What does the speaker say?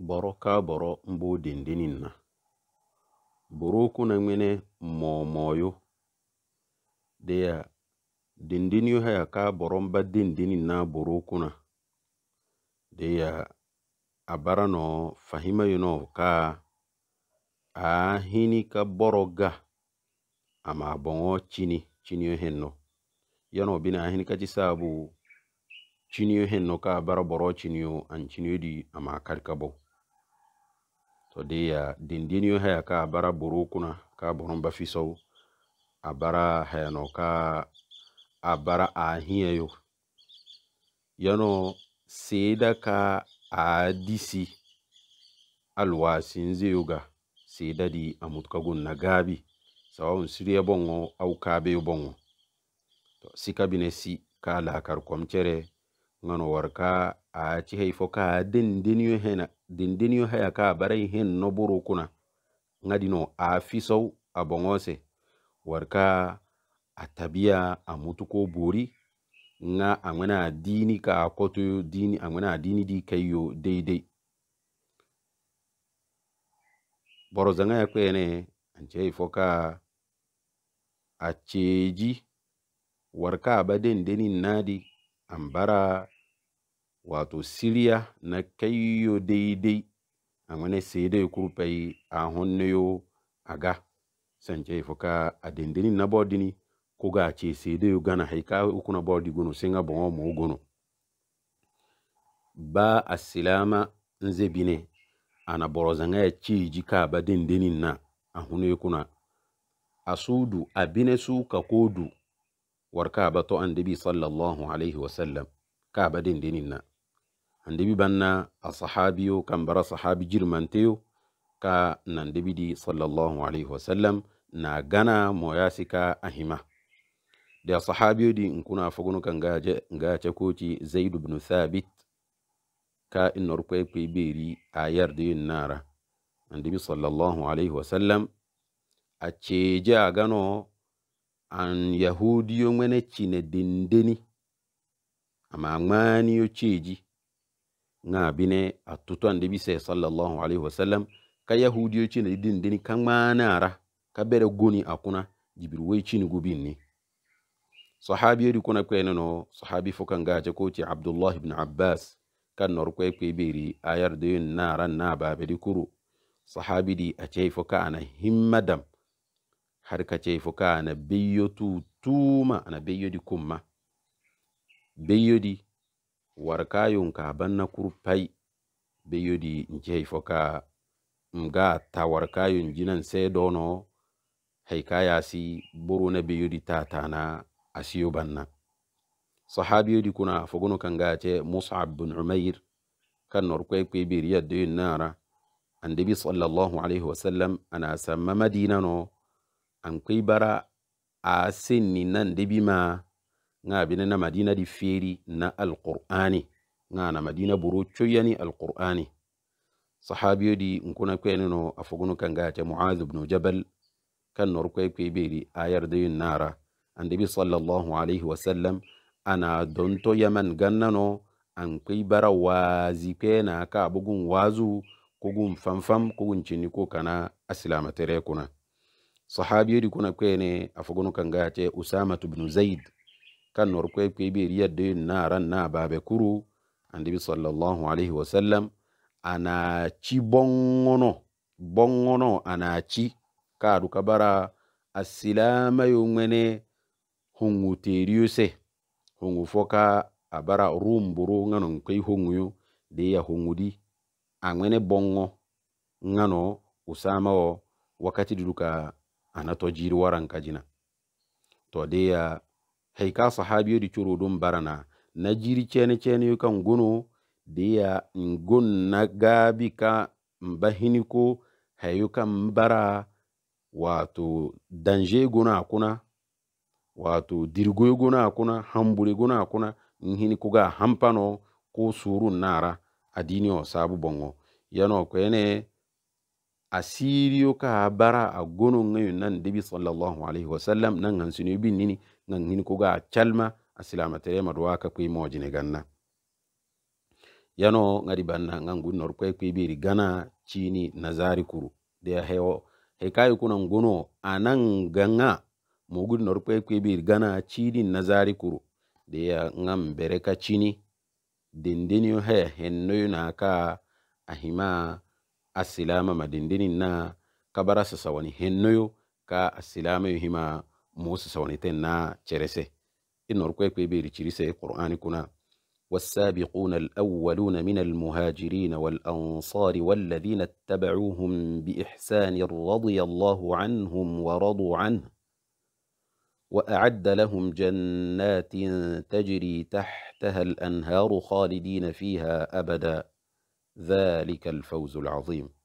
boro ka boro mbo dindinin na boro kuna ŋmene mɔɔmɔɔyo deya dindiniyo ya ka boro mba dindinin na boro na dị ya abara nɔ fahimayo nɔ ka a hini ka bọrọ ga ama bɔŋɔ chini chini chiniyo hen ya na obi na hini ka ci saabu chini hen nɔ ka abara bọrọ chini chiniyo an chiniyo di ama karika bau to de ya dindinio haya ka bara burukuna ka burun bafisow a bara hayano ka a bara ahiyayo yano seeda ka a disi alwasinzeyo ga seeda di amutkagun na gaabi sawawun siriya bongo au kaabeyo bongo to sikabine si ka lakar komcere ngano warka a ci haifo ka dendeniyo hena dendeniyo haya ka barai hin no boro kuna ngadi no a fi sau a bongose warka a tabiya a mutu ko bori nga a ngwana dini ka a koto dini a ngwana dini di kayo daidai boro zanga ya ne An ci haifo ka a ceji warka a ba dendenin nadi an bara wato siriya na kayo daidai a mana sai dai kurfai a ga aga ce fuka a dendini na ko ga a sai dai gana hai ka ukuna bɔdi gono seŋa bɔŋɔ mu gono ba a silama nze bine ana bɔrɔzaŋa ya ji ka ba dendenin na a hannuyo kuna a sudu a bine su ka kodu warka ba to annabi sallallahu alaihi wasallam ka ba dendenin na andebi banna asahabiyo kambara sahabi jirmanteyo ka nandebi di sallallahu alaihi wasallam na gana moyasi ka ahima da sahabiyo di nkuna fogunu kan gace koci zaidu bin thabit ka inor kwe kwe beri a yarda yin nara andebi sallallahu alaihi wasallam a ceje a gano an yahudiyo mene cine dindini amma ŋmaniyo ceji ŋaabine a tutonde bise sallallahu alaihi wasallam ka yahudiyo cine didindini ka ŋmaanaara ka bere goni a kuna jibiru wey cinigu binni sahabiyodi kuna kwenono sahabi fo kan gaje koti abdullah ibn abbas kan nor kwe kwe beri ayar deyon naran na babedi kuru sahabi di a cey fo ka ana himmadam har ka cey fo ka ana beyyo tu tuuma ana beyyo di kumma beyyo di warka ka banna kurpai be yodi nke foka mga ta warkayun jinan sai dono haikaya si buru na be ta tana asiyo banna sahabi yudi kuna fogono kanga mus'ab bin umair kan norkwai kwe bir ya da nara annabi sallallahu alaihi sallam ana samma madina no an bara a sinni nan dibi ma nga bine na madina di feri na alqur'ani nga na madina buru coyani alqur'ani sahabi di nkuna kwenino afugunu kangate muadh ibn jabal kan nor kwe kwe beri ayar da nara andibi sallallahu alayhi wa sallam ana donto yaman gannano an kwe bara wazi kwe na ka bugun wazu kugun famfam kugun chini ko kana asilamatere kuna sahabi di kuna kwene afugunu kangate usama ibn zaid kan nor kwe kwe be riya de na ran na babe kuru annabi sallallahu alaihi wasallam ana ci bongono bongono ana ci kadu kabara asilama yo ngene hungu teriuse hungu foka abara rumburu ngano kwe hungu yo de ya hungu di angwene bongo ngano usama o wakati duduka anatojiri waran jina to de ya haika sahabiyo di curo dum barana na jiri cene cene yo kan gono diya ngun na gabi ka mbahini ko hayo kan bara wato danje guna akuna wato dirgoyo guna akuna hambure guna akuna nhini kuga hampano ko surun nara adini o sabu bongo yano kwene asiriyo ka bara a gonon ngayon nan dibi sallallahu alaihi wasallam nan hansinu yubi nini nan hin kuga a calma a silamaterema do waka kui mojine ganna yano ngadi banna ngan gunnor kwe kwi biri gana cini nazari kuru de hewo he kayi kunan guno anan ganga mo gunnor kwe kwi biri gana cini nazari kuru de ya ngam bereka cini dindiniyo he hennoyo na ka ahima asilama madindinin na kabara sasawani hennoyo ka asilama yo hima موسى سوانيتين نا چرسه إن ركوي كوي بيري چرسه قرآن كنا والسابقون الأولون من المهاجرين والأنصار والذين اتبعوهم بإحسان رضي الله عنهم ورضوا عنه وأعد لهم جنات تجري تحتها الأنهار خالدين فيها أبدا ذلك الفوز العظيم